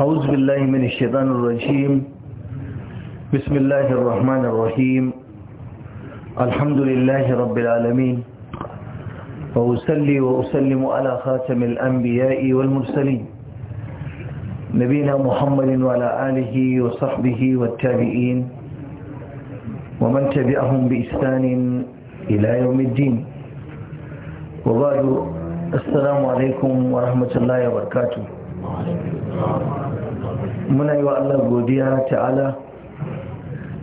أعوذ بالله من الشيطان الرجيم بسم الله الرحمن الرحيم الحمد لله رب العالمين وأسلي وأسلم على خاتم الأنبياء والمرسلين نبينا محمد وعلى آله وصحبه والتابعين ومن تبعهم بإحسان إلى يوم الدين وبعد السلام عليكم ورحمة الله وبركاته muna yi wa Allah godiya ta'ala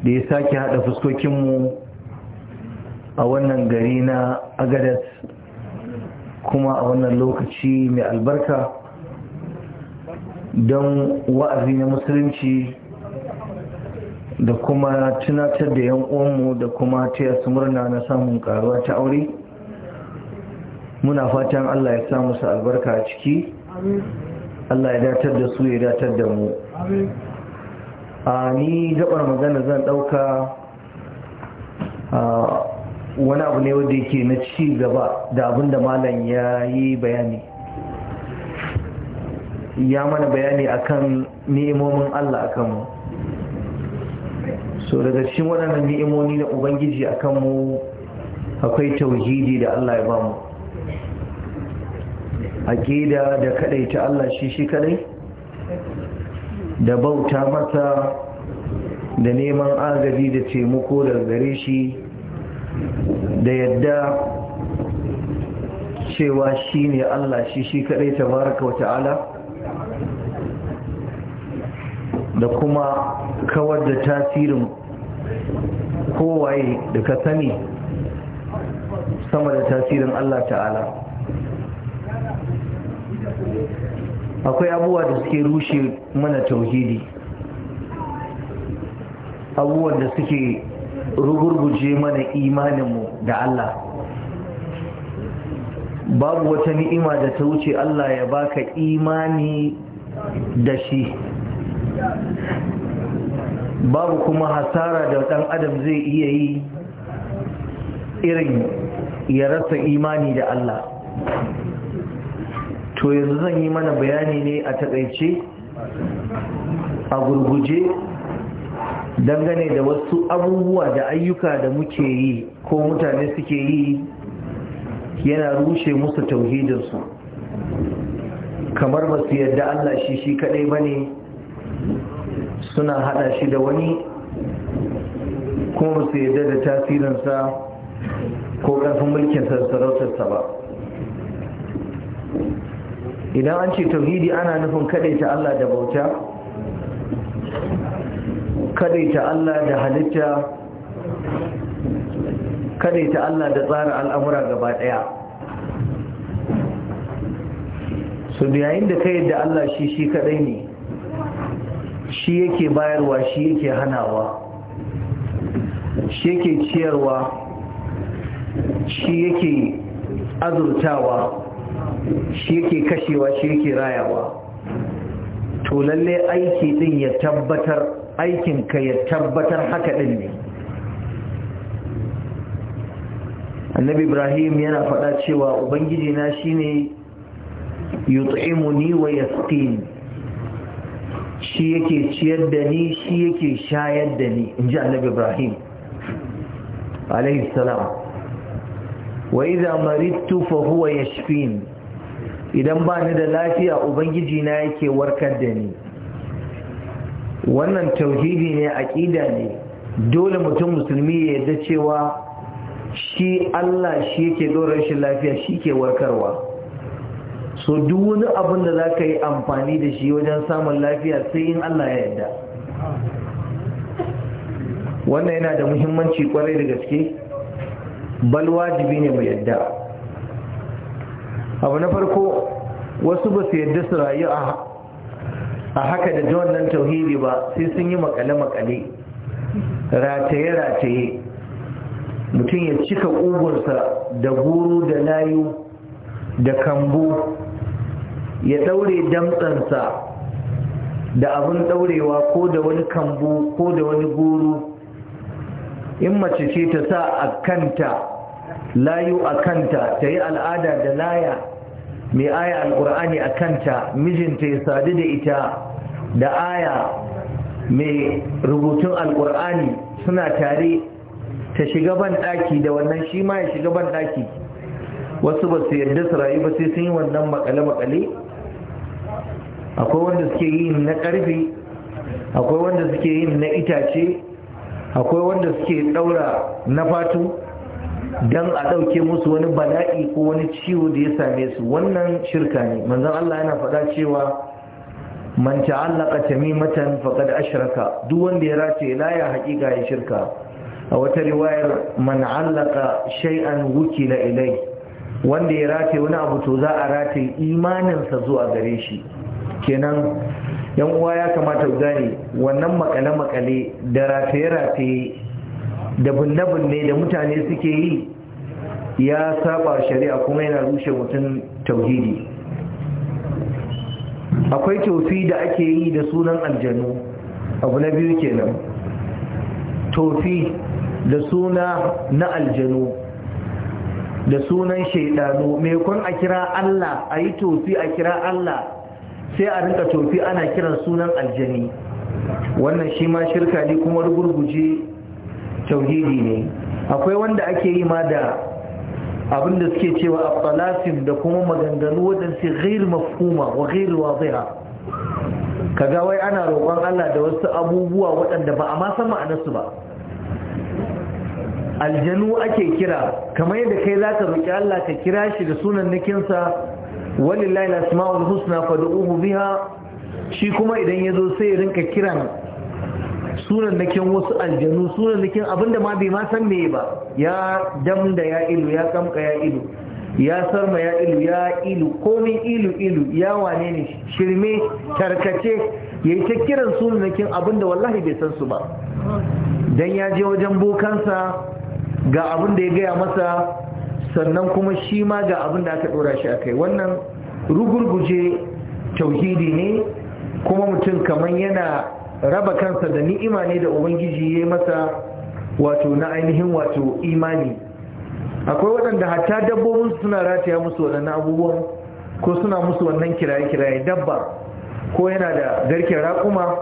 da ya sake haɗa fuskokinmu a wannan gari na agadas kuma a wannan lokaci mai albarka don wa'azi na musulunci da kuma tunatar da yan uwanmu da kuma ta 'yasu murna na samun karuwa ta aure muna fatan Allah ya sa musu albarka a ciki Allah ya datar da su ya datar da mu a ni gabar magana zan dauka wani abu ne wadda yake na ci gaba da abinda malam ya yi bayani ya mana bayani akan ni'imomin Allah akan mu so daga cikin waɗannan ni'imomi na ubangiji akan mu akwai tauhidi da Allah ya bamu a da kaɗai ta Allah shi shi kadai da bauta masa da neman agaji da taimako daga gare shi da yadda cewa shi ne Allah shi shi kadai tabaraka wa ta'ala da kuma kawar da tasirin kowaye da ka sani sama da tasirin Allah ta'ala akwai abubuwa da suke rushe mana tauhidi abubuwan da suke rugurguje mana imaninmu da Allah babu wata ni'ima da ta wuce Allah ya baka imani da shi babu kuma hasara da ɗan adam zai iya yi irin ya rasa imani da Allah to yanzu zan yi mana bayani ne a takaice a gurguje dangane da wasu abubuwa da ayyuka da muke yi ko mutane suke yi yana rushe musu tauhidinsu kamar ba su yadda Allah shi shi kadai ba ne suna haɗa shi da wani kuma ba su yadda da tasirinsa ko ƙarfin mulkin sarautarsa ba idan an ce tauhidi ana nufin kadaita Allah da bauta kadaita Allah da halitta kadaita Allah da tsara al'amura gaba daya su yayin da ka yadda Allah shi shi kadai ne shi yake bayarwa shi yake hanawa shi yake ciyarwa shi yake azurtawa shi yake kashewa shi yake rayawa to lalle aiki din ya tabbatar aikin ka ya tabbatar haka din ne annabi ibrahim yana faɗa cewa ubangiji na shine yut'imuni wa yasqini shi yake ciyar da ni shi yake shayar da ni in ji annabi ibrahim alaihi salam wa idza maridtu fa huwa yashfin idan ba ni da lafiya ubangiji na yake warkar da ni wannan tauhidi ne aƙida ne dole mutum musulmi ya yarda cewa shi Allah shi yake dora shi lafiya shi ke warkarwa so duk wani abin da za ka yi amfani da shi wajen samun lafiya sai in Allah ya yarda wannan yana da muhimmanci kwarai da gaske bal wajibi ne mu yarda abu na farko wasu ba su yadda su rayu a haka da ji wannan tauhidi ba sai sun yi makale-makale rataye-rataye mutum ya cika ƙugunsa da guru da layu da kambu ya ɗaure damtsansa da abin ɗaurewa ko da wani kambu ko da wani guru in mace ce ta sa a kanta layu a kanta ta yi al'ada da laya mai aya alkur'ani a kanta mijinta ya sadu da ita da aya mai rubutun alkur'ani suna tare ta shiga ban daki da wannan shi ma ya shiga ban daki wasu ba su yarda su rayu ba sai sun yi wannan makale-makale akwai wanda suke yin na ƙarfe, akwai wanda suke yin na itace akwai wanda suke daura na fatu don a ɗauke musu wani bala'i ko wani ciwo da ya same su wannan shirka ne manzan Allah yana faɗa cewa man ta'allaka tamimatan faqad ashraka duk wanda ya race la ya haƙiƙa ya shirka a wata riwayar man allaka shay'an wukila ilai wanda ya rataye wani abu to za a ratay imaninsa zuwa gare shi kenan yan uwa ya kamata ku gane wannan makale-makale da rataye-rataye da bunne-bunne da mutane suke yi ya saba shari'a kuma yana rushe mutum tauhidi akwai tofi da ake yi da sunan aljanu abu na biyu kenan tofi da suna na aljanu da sunan shaidanu mai kun a kira Allah a yi tofi a kira Allah sai a rinka tofi ana kiran sunan aljani wannan shi ma shirka ne kuma rugurguje tauhidi ne akwai wanda ake yi ma da abinda suke cewa a falasin da kuma maganganu waɗansu ghair mafhuma wa ghair wadiha kaga wai ana roƙon Allah da wasu abubuwa waɗanda ba a ma san ma'anarsu ba aljanu ake kira kamar yadda kai zaka roƙi Allah ka kira shi da sunan nikinsa walillahi al-asma'ul husna fad'uhu biha shi kuma idan ya zo sai ya rinka kiran sunan nakin wasu aljanu sunan nakin abinda ma bai ma san me ba ya damda ya ilu ya kamka ya ilu ya sarma ya ilu ya ilu komin ilu ilu ya wane ne shirme tarkace ya yi ta kiran sunan nakin abinda wallahi bai san su ba dan ya je wajen bokansa ga abinda ya gaya masa sannan kuma shi ma ga abin da aka dora shi a kai wannan rugurguje tauhidi ne kuma mutum kamar yana raba kansa da ni'ima ne da ubangiji ya masa wato na ainihin wato imani akwai waɗanda hatta dabbobin suna rataya musu waɗannan abubuwan ko suna musu wannan kiraye-kiraye dabba ko yana da garken raƙuma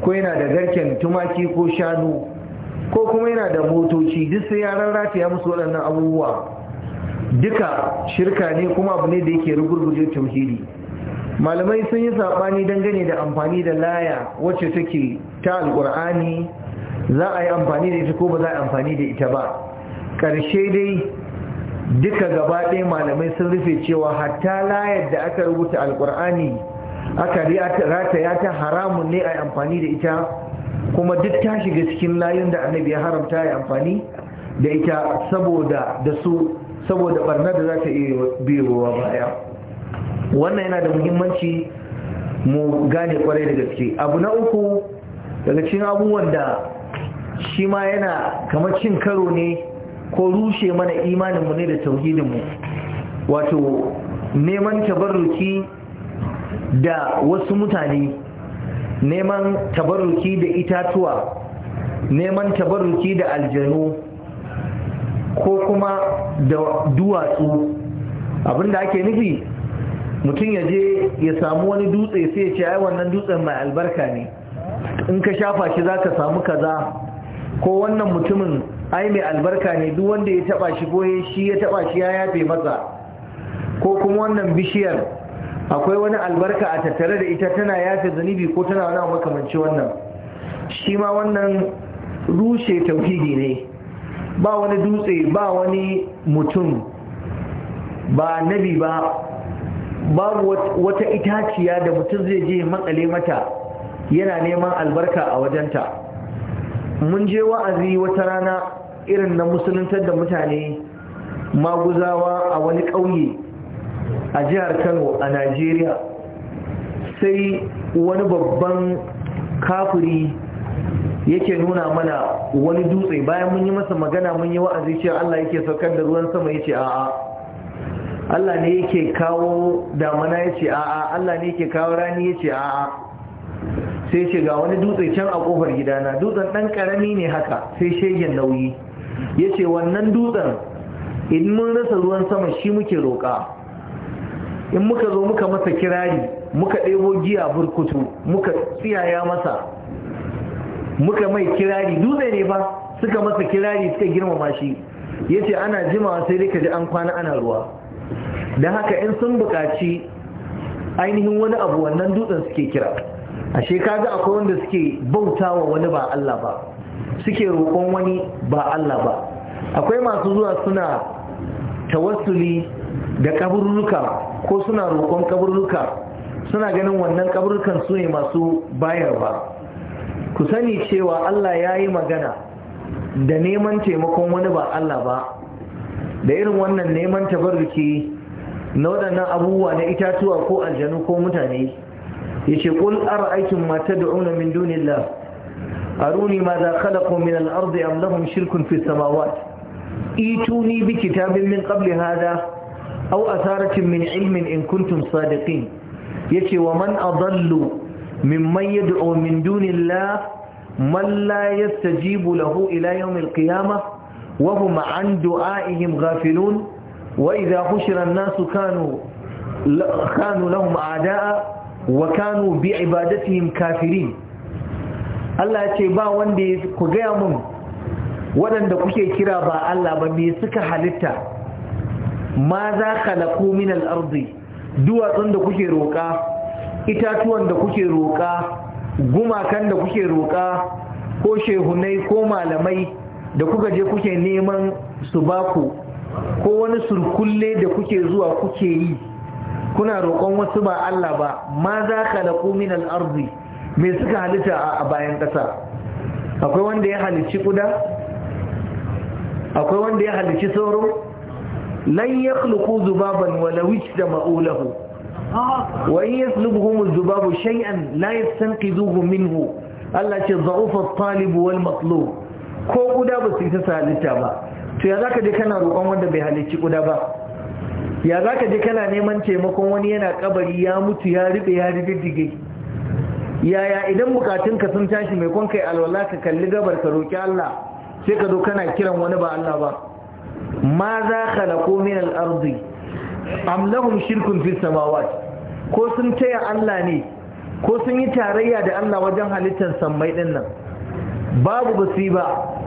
ko yana da garken tumaki ko shanu ko kuma yana da motoci duk sai yaran rataya musu waɗannan abubuwa duka shirka ne kuma abu ne da yake rugurguje tauhidi malamai sun yi saɓani dangane da amfani da laya wacce take ta alƙur'ani za a yi amfani da ita ko ba za a yi amfani da ita ba ƙarshe dai duka gaba ɗaya malamai sun rufe cewa hatta layar da aka rubuta alƙur'ani aka rataya ta haramun ne a yi amfani da ita kuma duk ta shiga cikin layun da annabi ya haramta ya amfani da ita saboda da su saboda da za ta iya biyowa baya wannan yana da muhimmanci mu gane kwarai da gaske abu na uku daga cin abubuwan da shi ma yana kamar cin karo ne ko rushe mana imaninmu ne da tauhidinmu wato neman tabarruki da wasu mutane neman tabarruki da itatuwa neman tabarruki da aljanu ko kuma da duwatsu abinda ake nufi mutum ya je ya samu wani dutse sai ya ce ai wannan dutsen mai albarka ne in ka shafa shi za ka samu kaza ko wannan mutumin ai mai albarka ne duk wanda ya taba shi goye shi ya taba shi ya yafe masa ko kuma wannan bishiyar akwai wani albarka a tattare da ita tana yafe zunubi ko tana wani makamanci wannan shi ma wannan rushe tauhidi ne ba wani dutse ba wani mutum ba nabi ba babu wata itaciya da mutum zai je matsale mata yana neman albarka a wajenta mun je wa'azi wata rana irin na musuluntar da mutane maguzawa a wani ƙauye a jihar kano a najeriya sai wani babban kafuri yake nuna mana wani dutse bayan mun yi masa magana mun yi wa'azi cewa allah yake saukar da ruwan sama yace a'a Allah ne yake kawo damana ya ce a'a Allah ne yake kawo rani ya ce a'a sai ce ga wani dutse can a kofar gidana dutsen dan karami ne haka sai shegen nauyi ya ce wannan dutsen in mun rasa ruwan sama shi muke roƙa in muka zo muka masa kirari muka ɗebo giya burkutu muka tsiyaya masa muka mai kirari dutse ne ba suka masa kirari suka girmama shi ya ce ana jimawa sai dai ka ji an kwana ana ruwa don haka in sun buƙaci ainihin wani abu wannan dutsen suke kira ashe shekaru akwai wanda suke bauta wa wani ba Allah ba suke roƙon wani ba Allah ba akwai masu zuwa suna tawassuli da kaburruka ko suna roƙon kaburruka suna ganin wannan kaburrukan su ne masu bayar ba. ku sani cewa Allah ya yi magana da neman taimakon wani ba Allah ba da irin wannan neman tabarruki na waɗannan abubuwa na itatuwa ko aljanu ko mutane ya ce ƙul aikin mata da'una min dunillah aruni ma za khalaqu min al-ardi am shirkun fi samawat ituni bi kitabin min ƙabli hada aw asaratin min ilmin in kuntum sadiqin yace wa man adallu mimman yad'u min dunillah man la yastajibu lahu ila yawm al-qiyamah wa hum an du'a'ihim ghafilun وإذا حشر الناس كانوا كانوا لهم أعداء وكانوا بعبادتهم كافرين Allah ce ba wanda ya ku gaya mun waɗanda kuke kira ba Allah ba me suka halitta ma za khalaqu min al duwatsun da kuke roƙa itatuwan da kuke roƙa gumakan da kuke roƙa ko shehunai ko malamai da kuka je kuke neman su baku ko wani surkulle da kuke zuwa kuke yi kuna roƙon wasu ba Allah ba ma za ka da min al'arzi me suka halitta a bayan ƙasa akwai wanda ya halicci kuda akwai wanda ya halici sauro lan ya zubaban wala wic da ma'ulahu wa in yaslubuhum zubabu shay'an la yastanqidhuhu minhu Allah ce za'ufa talibu wal matlo ko guda ba su yi ta halitta ba to ya zaka je kana roƙon wanda bai halicci kuda ba ya zaka je kana neman taimakon wani yana kabari ya mutu ya riɓe ya rididdige yaya idan bukatun ka sun tashi mai kwan kai alwala ka kalli gabar ka roƙi Allah sai ka zo kana kiran wani ba Allah ba ma za ka min al na am lahum shirkun fis ko sun taya Allah ne ko sun yi tarayya da Allah wajen halittar sammai din nan babu basi ba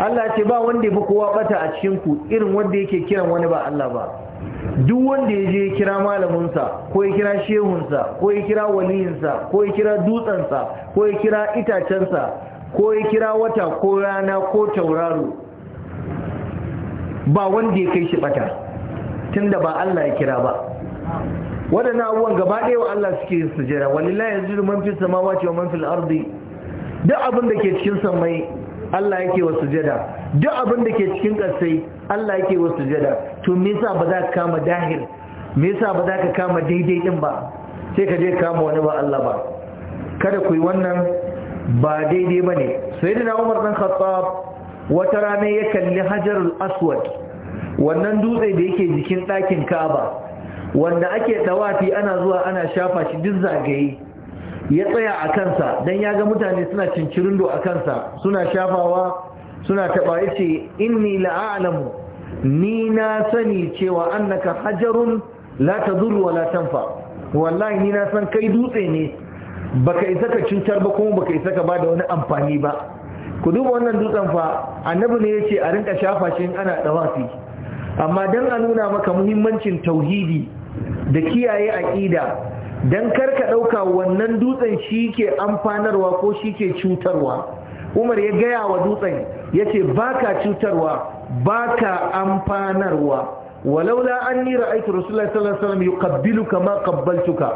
Allah ce ba wanda ya fi kowa bata a cikin ku irin wanda yake kiran wani ba Allah ba duk wanda ya je kira malaminsa ko ya kira shehunsa ko ya kira waliyinsa ko ya kira dutsensa ko ya kira itacensa ko ya kira wata ko rana ko tauraro ba wanda ya kai shi bata tunda ba Allah ya kira ba waɗannan abubuwan gaba ɗaya wa Allah suke yin sujera walillahi yanzu man fi samawa wa man fil ardi duk abin da ke cikin samai Allah yake wa sujada duk abin da ke cikin kasai Allah yake wa sujada to me yasa ba za ka kama dahir me yasa ba za ka kama daidai din ba sai ka je kama wani ba Allah ba kada ku yi wannan ba daidai bane sayyidina Umar dan Khattab wata rana ya kalli Hajarul Aswad wannan dutse da yake jikin ɗakin Ka'aba wanda ake tsawafi ana zuwa ana shafa shi duk zagaye ya tsaya a kansa don ya ga mutane suna cincirindo a kansa suna shafawa suna taɓa ya ce inni la'alamu ni na sani cewa annaka hajarun la ta wa la tanfa wallahi ni na san kai dutse ne baka isa ka cutar ba kuma baka isa ka ba da wani amfani ba ku duba wannan dutsen fa annabi ne ya ce a rinka shafa shi ana dawafi amma don a nuna maka muhimmancin tauhidi da kiyaye aƙida don ka ɗauka wannan dutsen shi ke amfanarwa ko shi ke cutarwa umar ya gaya wa dutsen ya ce ba ka cutarwa ba ka amfanarwa walaula an ni ra'aitu rasulullah sallallahu alaihi wasallam yuqabbilu kama qabbaltuka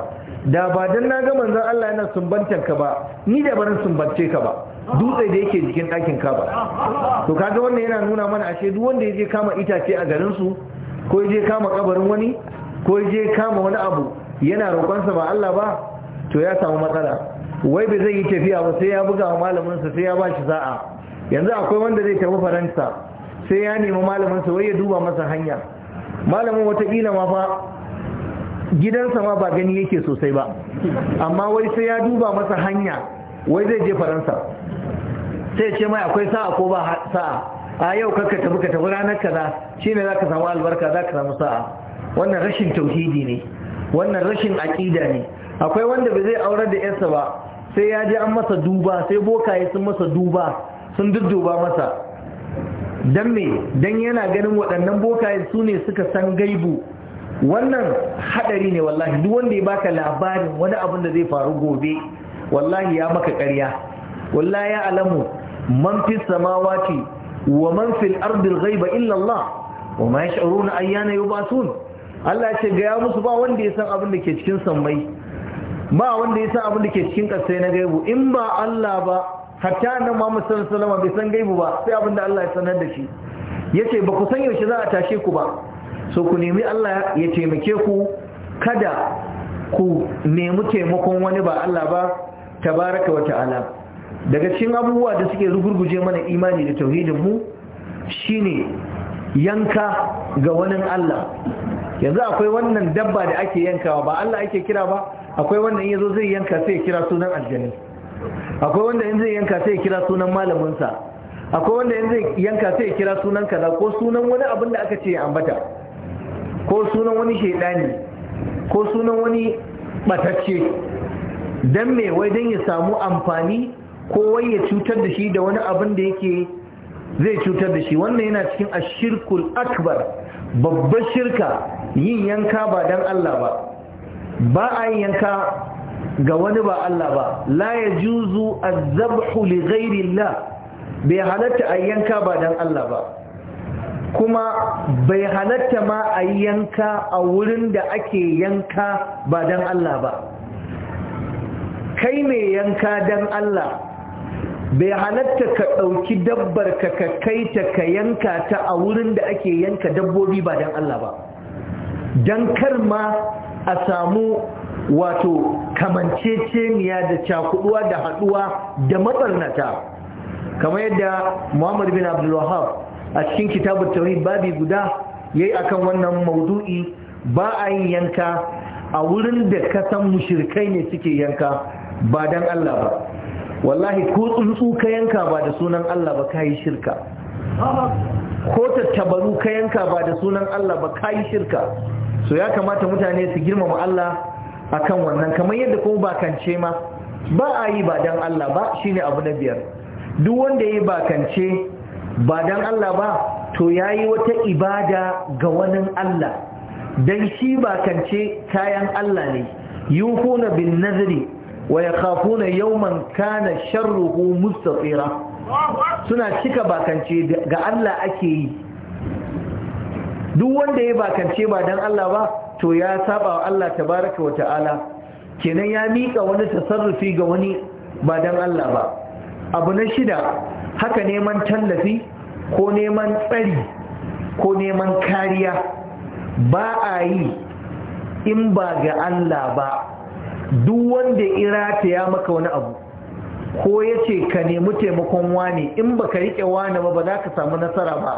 da ba dan na ga manzon Allah yana sumbantar ka ba ni da barin sumbance ka ba dutse da yake jikin ɗakin ka ba to kaga wannan yana nuna mana ashe duk wanda ya je kama itace a garin su ko ya je kama kabarin wani ko ya kama wani abu yana roƙonsa ba Allah ba to ya samu matsala wai bai zai yi tafiya ba sai ya buga wa malaminsa sai ya ba shi za'a yanzu akwai wanda zai tafi faransa sai ya nemi malaminsa wai ya duba masa hanya malamin watakila ma fa gidansa ma ba gani yake sosai ba amma wai sai ya duba masa hanya wai zai je faransa sai ce mai akwai sa'a ko ba sa'a a yau kakka tafi ka tafi ranar kaza shine zaka samu albarka zaka samu sa'a wannan rashin tauhidi ne wannan rashin aƙida ne akwai wanda ba zai aurar da yarsa ba sai ya ji an masa duba sai bokaye sun masa duba sun dudduba masa don me don yana ganin waɗannan bokaye su ne suka san gaibu wannan haɗari ne wallahi duk wanda ya baka labarin wani abin da zai faru gobe wallahi ya maka ƙarya wallahi ya alamu man fi samawati wa man fil ardil ghaiba illa Allah wa ma yash'uruna ayyana yub'athun Allah ya ce gaya musu ba wanda ya san abin da ke cikin sammai ba wanda ya san abin da ke cikin kasai na gaibu in ba Allah ba hatta annabi Muhammad sallallahu alaihi bai san gaibu ba sai abin da Allah ya sanar da shi yace ba ku san yaushe za a tashe ku ba so ku nemi Allah ya taimake ku kada ku nemi taimakon wani ba Allah ba tabaraka wa ta'ala daga cikin abubuwa da suke rugurguje mana imani da tauhidin mu shine yanka ga wani Allah yanzu akwai wannan dabba da ake yankawa ba Allah ake kira ba akwai wanda in yazo zai yanka sai ya kira sunan aljani akwai wanda in zai yanka sai ya kira sunan malamin sa akwai wanda in zai yanka sai ya kira sunan kaza ko sunan wani abin da aka ce ya ambata ko sunan wani shedani ko sunan wani batacce dan me wai dan ya samu amfani ko wai ya cutar da shi da wani abin da yake zai cutar da shi wannan yana cikin ashirkul akbar babbar shirka yin yanka ba dan Allah ba ba a yin yanka ga wani ba Allah ba la yajuzu az-zabhu li ghayri Allah bai halatta a yanka ba dan Allah ba kuma bai halatta ma a yanka a wurin da ake yanka ba dan Allah ba kai mai yanka dan Allah bai halatta ka ɗauki dabbar ka ka kai ta ka yanka ta a wurin da ake yanka dabbobi ba don Allah ba don kar ma a samu wato kamanceceniya da cakuduwa da haduwa da mabarnata kamar yadda muhammad bin abdulwahab a cikin kitabun tauri babi guda ya yayi akan wannan maudu'i ba a yin yanka a wurin da kasan mushirkai ne suke yanka ba don Allah ba wallahi ko tsuntsu ka yanka ba da sunan Allah ba ka yi shirka ko tattabaru ka yanka ba da sunan Allah ba ka yi shirka so ya kamata mutane su girmama Allah akan wannan kamar yadda kuma kance ma ba a yi ba dan Allah ba shine abu na biyar duk wanda ya yi bakance ba dan Allah ba to ya yi wata ibada ga wani Allah dan shi bakance kayan Allah ne yufuna bin nazari wa yakhafuna yawman kana sharruhu mustatira suna cika bakance ga Allah ake yi duk wanda ya bakance ba dan Allah ba to ya saba wa Allah tabaraka wa ta'ala kenan ya mika wani tasarrufi ga wani ba dan Allah ba abu na shida haka neman tallafi ko neman tsari ko neman kariya ba a yi in ba ga Allah ba duk wanda irata ya maka wani abu ko ya ce ka nemi taimakon wani in baka riƙe wani ba ba za ka samu nasara ba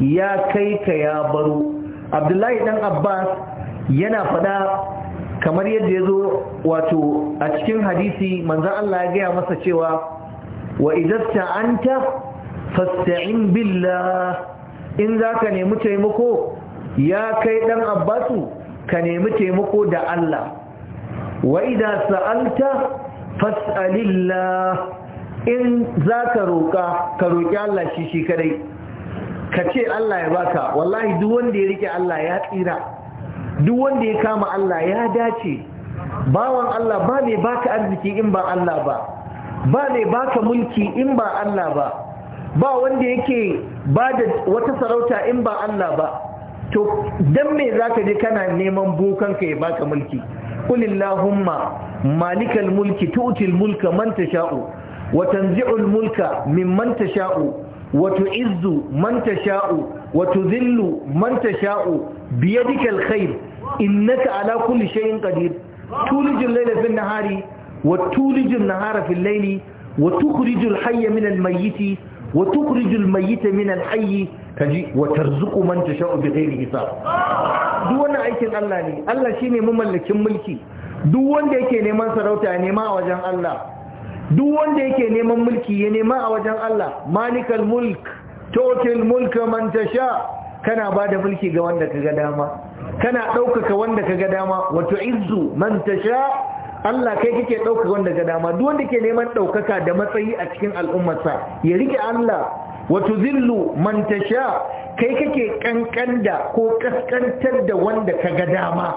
ya kai ka ya baro abdullahi dan abbas yana faɗa kamar yadda ya zo wato a cikin hadisi manzan allah ya gaya masa cewa wa idasta ta? fasta'in billah in za ka nemi taimako ya kai dan abbasu ka nemi taimako da allah waida idan sa'alta fas'alillah in za ka roƙa ka roƙi Allah shi shi kadai ka ce Allah ya baka wallahi duk wanda ya rike Allah ya tsira duk wanda ya kama Allah ya dace bawan Allah ba mai baka arziki in ba Allah ba ba mai baka mulki in ba Allah ba ba wanda yake ba da wata sarauta in ba Allah ba to dan me zaka je kana neman bokan ka ya baka mulki qul malikal mulki tu'til mulka man tasha'u wa tanzi'ul mulka mimman tasha'u wa tu'izzu man tasha'u wa tuzillu man tasha'u biyadikal khair innaka ala kulli shay'in qadir tulijul layla fil nahari wa tulijul nahara fil layli wa tukhrijul hayya minal mayyiti wa tukhrijul mayyita minan hayyi kaji wa zuku man tasha'u bi ghairi hisab duk wannan aikin Allah ne Allah shine mamallakin mulki duk wanda yake neman sarauta ya nema a wajen Allah duk wanda yake neman mulki ya nema a wajen Allah malikal mulk total mulk man tasha kana bada mulki ga wanda kaga dama kana daukaka wanda kaga dama wato tu'izzu man tasha Allah kai kake daukaka wanda kaga dama duk wanda ke neman daukaka da matsayi a cikin al'ummarsa ya rike Allah wato zillu mantasha kai kake kankan ko kaskantar da wanda ka ga dama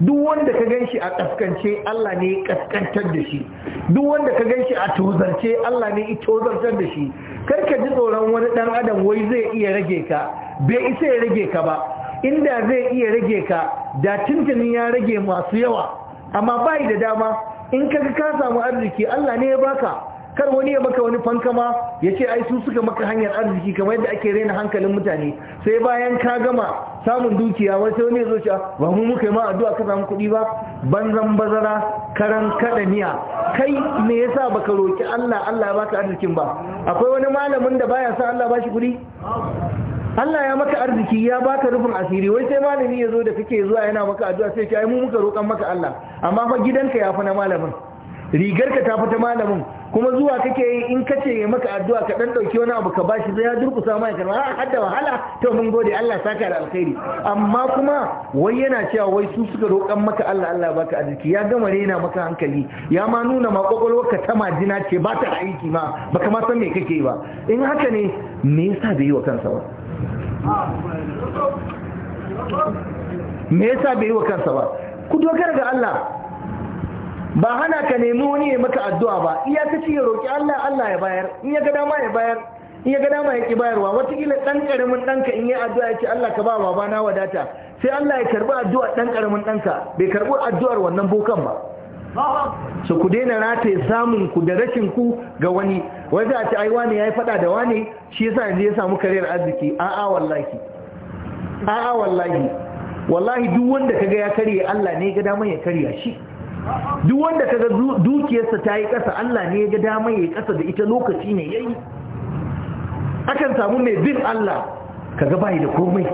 duk wanda ka ganshi a kaskance Allah ne ya kaskantar da shi duk wanda ka ganshi a tozarce Allah ne ya tozartar da shi kar ka ji tsoron wani dan adam wai zai iya rage ka bai isa ya rage ka ba inda zai iya rage ka da tuntunin ya rage masu yawa amma bai da dama in kaga ka samu arziki Allah ne ya baka kar wani ya maka wani fankama ya ce ai su suka maka hanyar arziki kamar yadda ake raina hankalin mutane sai bayan ka gama samun dukiya wai sai wani ya zo ce ba mu muka yi ma addu'a ka samu kuɗi ba banzan bazara karan kada miya kai me yasa baka roki Allah Allah ya baka arzikin ba akwai wani malamin da baya sa Allah ba shi kuɗi Allah ya maka arziki ya baka rufin asiri wai sai malami ya zo da kake zuwa yana maka addu'a sai ya ce ai mu muka roƙan maka Allah amma fa gidanka ya fa na malamin Rigarka ta fi ta malamin kuma zuwa kake yi in kace ya maka addu'a ka dan dauki wani abu ka bashi sai ya durkusa mai karma har hadda wahala to mun gode Allah saka da alkhairi amma kuma wai yana cewa wai su suka roƙan maka Allah Allah baka arziki ya gama rena maka hankali ya ma nuna ma ka ta majina ce ba ta aiki ma baka ma san me kake yi ba in haka ne me yasa bai yi wa kansa ba me yasa bai yi wa kansa ba ku dogara ga Allah ba hana ka nemi wani ya maka addu'a ba iya kace ya roƙi Allah Allah ya bayar in ya ga dama ya bayar in ya ga dama ya ki bayarwa wataƙila ɗan ƙaramin ɗanka in yi addu'a ya ce Allah ka ba babana wadata sai Allah ya karɓi addua ɗan ƙaramin ɗanka bai karɓi addu'ar wannan bokan ba su ku daina rataye samun ku da rashin ku ga wani wai za a ci ne ya yi fada da wani shi yasa yanzu ya samu kariyar arziki a'a wallahi wallahi wallahi duk wanda kaga ya karye Allah ne ga dama ya karya shi duk wanda ka ga dukiyarsa ta yi ƙasa Allah ne ya ga dama ya yi ƙasa da ita lokaci ne ya yi akan samu mai bin Allah kaga bayi da komai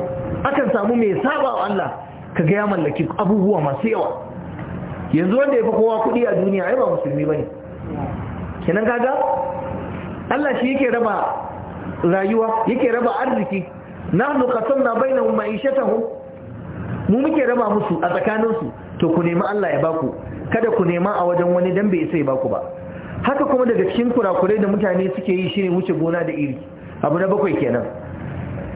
akan samu mai saba wa Allah kaga ya mallaki abubuwa masu yawa yanzu wanda ya fi kowa kuɗi a duniya ai ba musulmi ba ne. kenan kaga Allah shi yake raba rayuwa yake raba arziki mu qasamna bainahum ma'ishatahum mu muke raba musu a tsakaninsu to ku nemi Allah ya baku kada ku nema a wajen wani dan bai sai baku ba haka kuma daga cikin kurakurai da mutane suke yi shine wuce gona da iri abu na bakwai kenan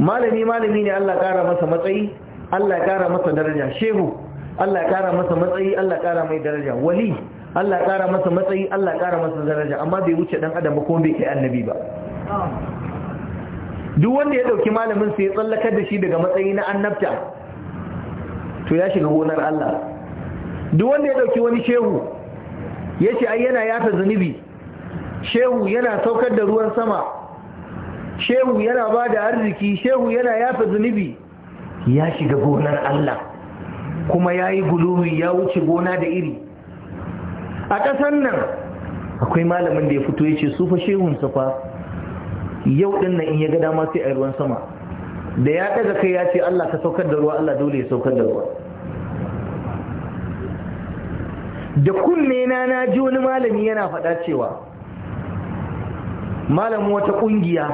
malami malami ne Allah kara masa matsayi Allah kara masa daraja shehu Allah kara masa matsayi Allah kara mai daraja wali Allah kara masa matsayi Allah kara masa daraja amma bai wuce dan adam ko bai kai annabi ba duk wanda ya dauki malamin sai ya tsallakar da shi daga matsayi na annabta to ya shiga gonar Allah duk wanda ya dauki wani shehu ya ce ai yana yafa zunubi shehu yana saukar da ruwan sama shehu yana ba da arziki shehu yana yafa zunubi ya shiga gonar Allah kuma ya yi guluwi ya wuce gona da iri a ƙasar nan akwai malamin da ya fito ya ce su fa shehunsa fa yau ɗin nan in ya ga masu a ruwan sama da ya ɗaga kai ya ce Allah ka saukar da ruwa Allah dole ya saukar da ruwa da kunne na na ji wani malami yana faɗa cewa malamin wata ƙungiya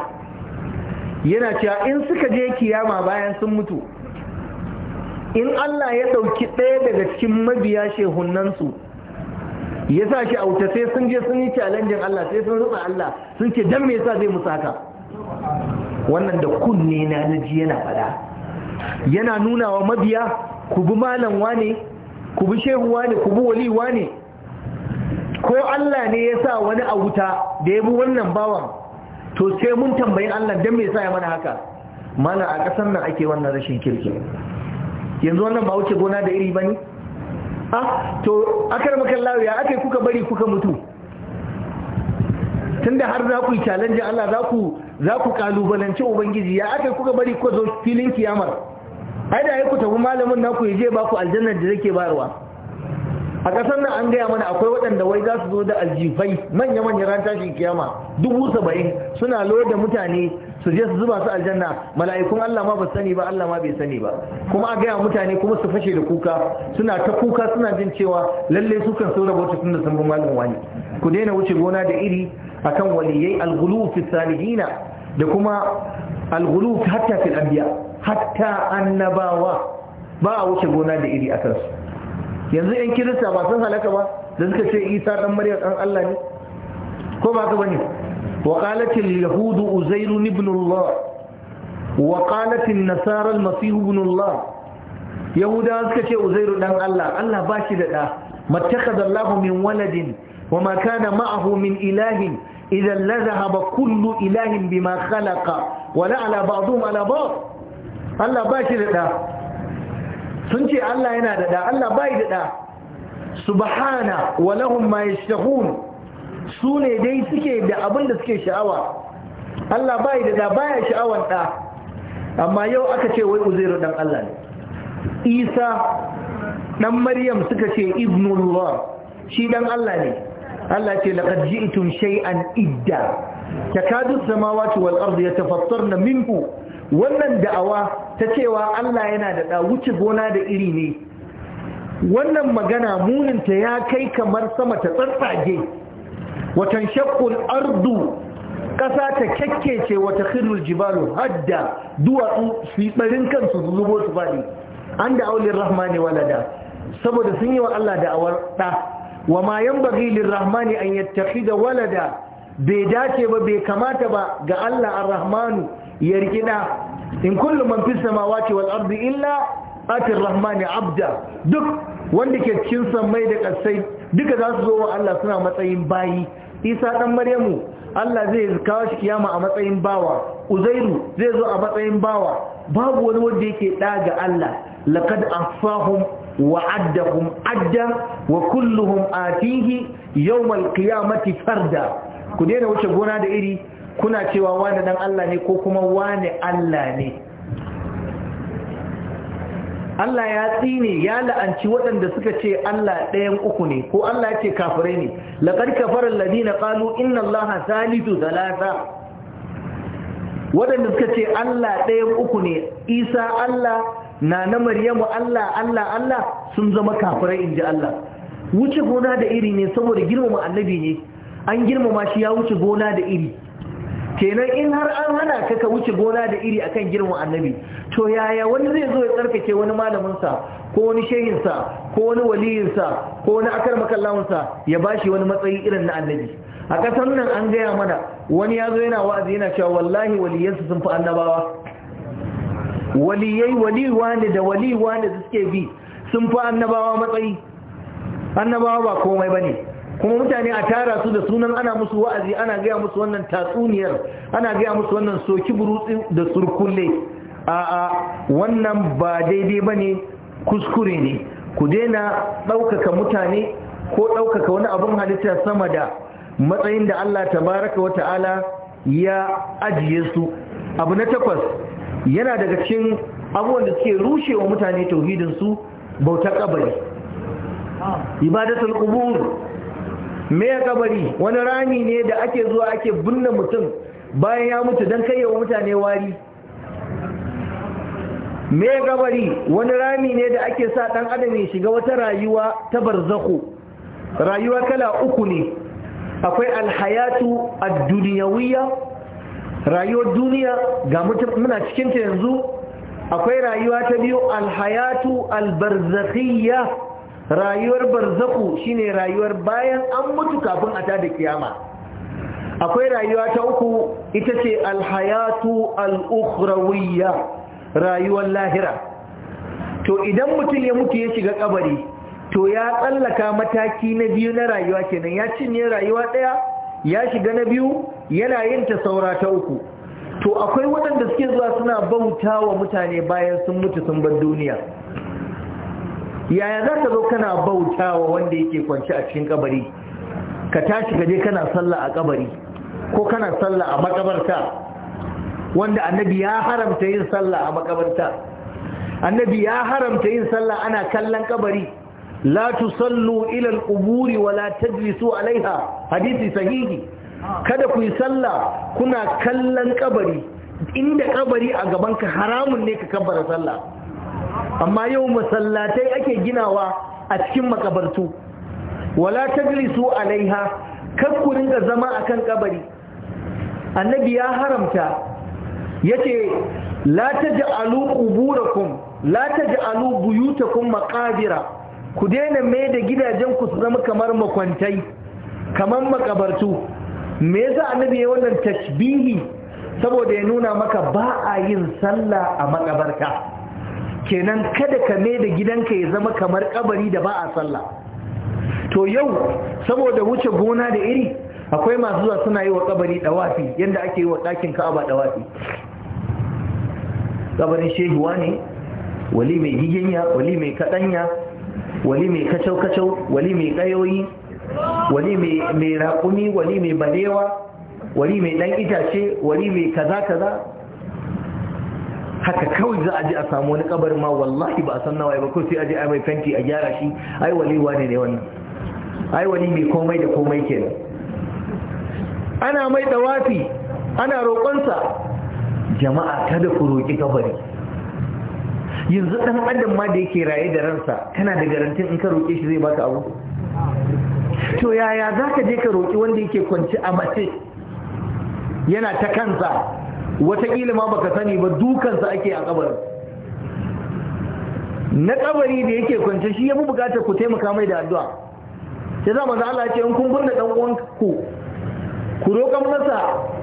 yana cewa in suka je kiyama bayan sun mutu in Allah ya ɗauki ɗaya daga cikin mabiya shehunansu ya sa shi auta sai sun je sun yi challenge Allah sai sun rufe Allah sun ce dan me yasa zai musaka wannan da kunne na naji yana faɗa yana nuna wa mabiya ku bi malam wane ku bi shehuwa ne ku bi waliwa ne ko Allah ne ya sa wani a wuta da ya bi wannan bawan to sai mun tambayi Allah don me sa ya mana haka mana a ƙasar nan ake wannan rashin kirki yanzu wannan ba wuce gona da iri bane ah to akar makallawa ya yi kuka bari kuka mutu tun da har za ku yi challenge Allah za ku za kalubalanci ubangiji ya yi kuka bari kuka zo filin kiyamar ai da ku tafi malamin na ku je ba ku aljannar da zake bayarwa a ƙasar nan an gaya mana akwai waɗanda wai za su zo da aljifai manya manyan ran tashin kiyama dubu saba'in suna loda mutane su je su zuba su aljanna mala'ikun Allah ma ba sani ba Allah ma bai sani ba kuma a gaya mutane kuma su fashe da kuka suna ta kuka suna jin cewa lalle su kan saura bauta tun da sun bi malamin wani ku daina wuce gona da iri akan waliyai alghulu fi salihina da kuma alghulu hatta fil anbiya hatta annabawa ba a wuce gona da iri a kansu yanzu 'yan kirista ba sun halaka ba da suka ce isa ɗan maryam ɗan allah ne ko ba ka bane Waƙalatin yahudu uzairu ibn Waƙalatin Nasarar qalatil nasara yahuda suka ce uzairu ɗan allah allah ba shi da ɗa, mattakhadha allah min waladin wa maka kana ma'ahu min ilahin idan la zahaba kullu ilahin bima khalaqa wa la ala ba'dhum ala ba'd Allah ba shi da ɗa sun ce Allah yana da ɗa Allah ba da ɗa subhana wa lahum ma yashtahun su ne dai suke da abin da suke sha'awa Allah ba da ɗa baya sha'awan ɗa amma yau aka ce wai uzairu dan Allah ne Isa dan Maryam suka ce ibnullah shi dan Allah ne Allah ce laqad ji'tum shay'an idda takadu samawati wal ardi yatafattarna minhu wannan da'awa ta cewa Allah yana da da wuce gona da iri ne wannan magana muninta ya kai kamar sama ta tsatsage watan shaqqul ardu kasa ta kekkece wata khirul jibalu hadda duwatsu su barin kansu su zubo su faɗi an da aulin rahmani walada saboda sun yi wa Allah da'awar ɗa wa ma yan lirrahmani an yattakhidha walada bai dace ba bai kamata ba ga Allah ar-rahmanu ya rikida in kullum man fi samawati wal ardi illa atir rahmani abda duk wanda ke cikin mai da kasai duka za su zo wa Allah suna matsayin bayi Isa dan Maryamu Allah zai kawo shi kiyama a matsayin bawa Uzairu zai zo a matsayin bawa babu wani wanda yake da ga Allah laqad afahum wa adda wa kulluhum atihi yawmal qiyamati farda ku daina wuce gona da iri kuna cewa wane dan Allah ne ko kuma wani Allah ne Allah ya tsine ya la'anci waɗanda suka ce Allah ɗayan uku ne ko Allah ya ce kafirai ne laqad kafara alladhina qalu inna Allaha thalithu thalatha waɗanda suka ce Allah ɗayan uku ne Isa Allah na na Maryamu Allah Allah Allah sun zama kafirai inji Allah wuce gona da iri ne saboda girmama annabi ne an girmama shi ya wuce gona da iri kenan in har an hana ka ka wuce gona da iri akan girman annabi to yaya wani zai zo ya tsarkake wani malaminsa ko wani sa ko wani waliyinsa ko wani akar sa ya bashi wani matsayi irin na annabi a ƙasar nan an gaya mana wani ya zo yana wa'azi yana cewa wallahi su sun fi annabawa waliyai waliwa ne da waliwa ne suke bi sun fi annabawa matsayi annabawa ba komai bane kuma mutane a tara su da sunan ana musu wa'azi ana gaya musu wannan tatsuniyar ana gaya musu wannan soki burutsi da surkulle a'a wannan ba daidai ba ne kuskure ne ku daina ɗaukaka mutane ko ɗaukaka wani abin halitta sama da matsayin da Allah tabaraka wa ta'ala ya ajiye su abu na takwas yana daga cikin abubuwan da suke rushe wa mutane su bautar ƙabari. ibadatul qubur me kabari wani rami ne da ake zuwa ake binne mutum bayan ya mutu don kai mutane wari me kabari wani rami ne da ake sa dan adam ya shiga wata rayuwa ta barzako rayuwa kala uku ne akwai alhayatu a duniyawiyya rayuwar duniya ga muna cikinta yanzu akwai rayuwa ta biyu alhayatu al-barzakhiyya rayuwar barzaku shine rayuwar bayan an mutu kafin a tada kiyama akwai rayuwa ta uku ita ce alhayatu al'ukhrawiyya rayuwar lahira to idan mutum ya mutu ya shiga kabari to ya tsallaka mataki na biyu na rayuwa kenan ya cinye rayuwa daya ya shiga na biyu yana yin ta saura ta uku to akwai waɗanda suke zuwa suna bauta wa mutane bayan sun mutu sun bar duniya yaya za ka zo kana bautawa wanda yake kwanci a cikin kabari ka tashi ka je kana sallah a kabari ko kana sallah a makabarta wanda annabi ya haramta yin sallah a makabarta annabi ya haramta yin sallah ana kallon kabari la tusallu ila al-quburi wa la tajlisu alaiha hadisi sahihi kada ku yi sallah kuna kallon kabari inda kabari a gaban ka haramun ne ka kabbara sallah amma yau masallatai ake ginawa a cikin makabartu wala tajlisu alaiha kar ku rinka zama akan kabari annabi ya haramta yace la taj'alu quburakum la taj'alu buyutakum maqabira ku daina mai da gidajen ku su zama kamar makwantai kamar makabartu me yasa annabi ya wannan tashbihi saboda ya nuna maka ba a yin sallah a makabarta kenan kada ka mai da gidanka ya zama kamar kabari da ba a sallah to yau saboda wuce gona da iri akwai masu zuwa suna yi wa kabari dawafi yadda ake yi wa ɗakin ka'aba dawafi kabarin shehuwa ne wali mai giginya wali mai kaɗanya wali mai kacau-kacau wali mai ƙayoyi wali mai raƙumi wali mai balewa wali mai ɗan itace wali mai kaza-kaza haka kawai za a je a samu wani kabarin ma wallahi ba a san nawa ba ko sai a je a mai fenti a gyara shi ai wali wane ne wannan ai wali mai komai da komai kenan ana mai dawafi ana roƙonsa jama'a kada ku roƙi kabari yanzu dan adam ma da yake raye da ransa kana da garantin in ka roƙe shi zai baka abu to yaya za ka je ka roƙi wanda yake kwance a mace yana ta kansa wataƙila ma baka sani ba dukansa ake a kabarin na ƙabari da yake kwance shi ya fi bukatar ku taimaka mai da addu'a sai za maza Allah ce in kun burna dan uwan ku ku roƙan masa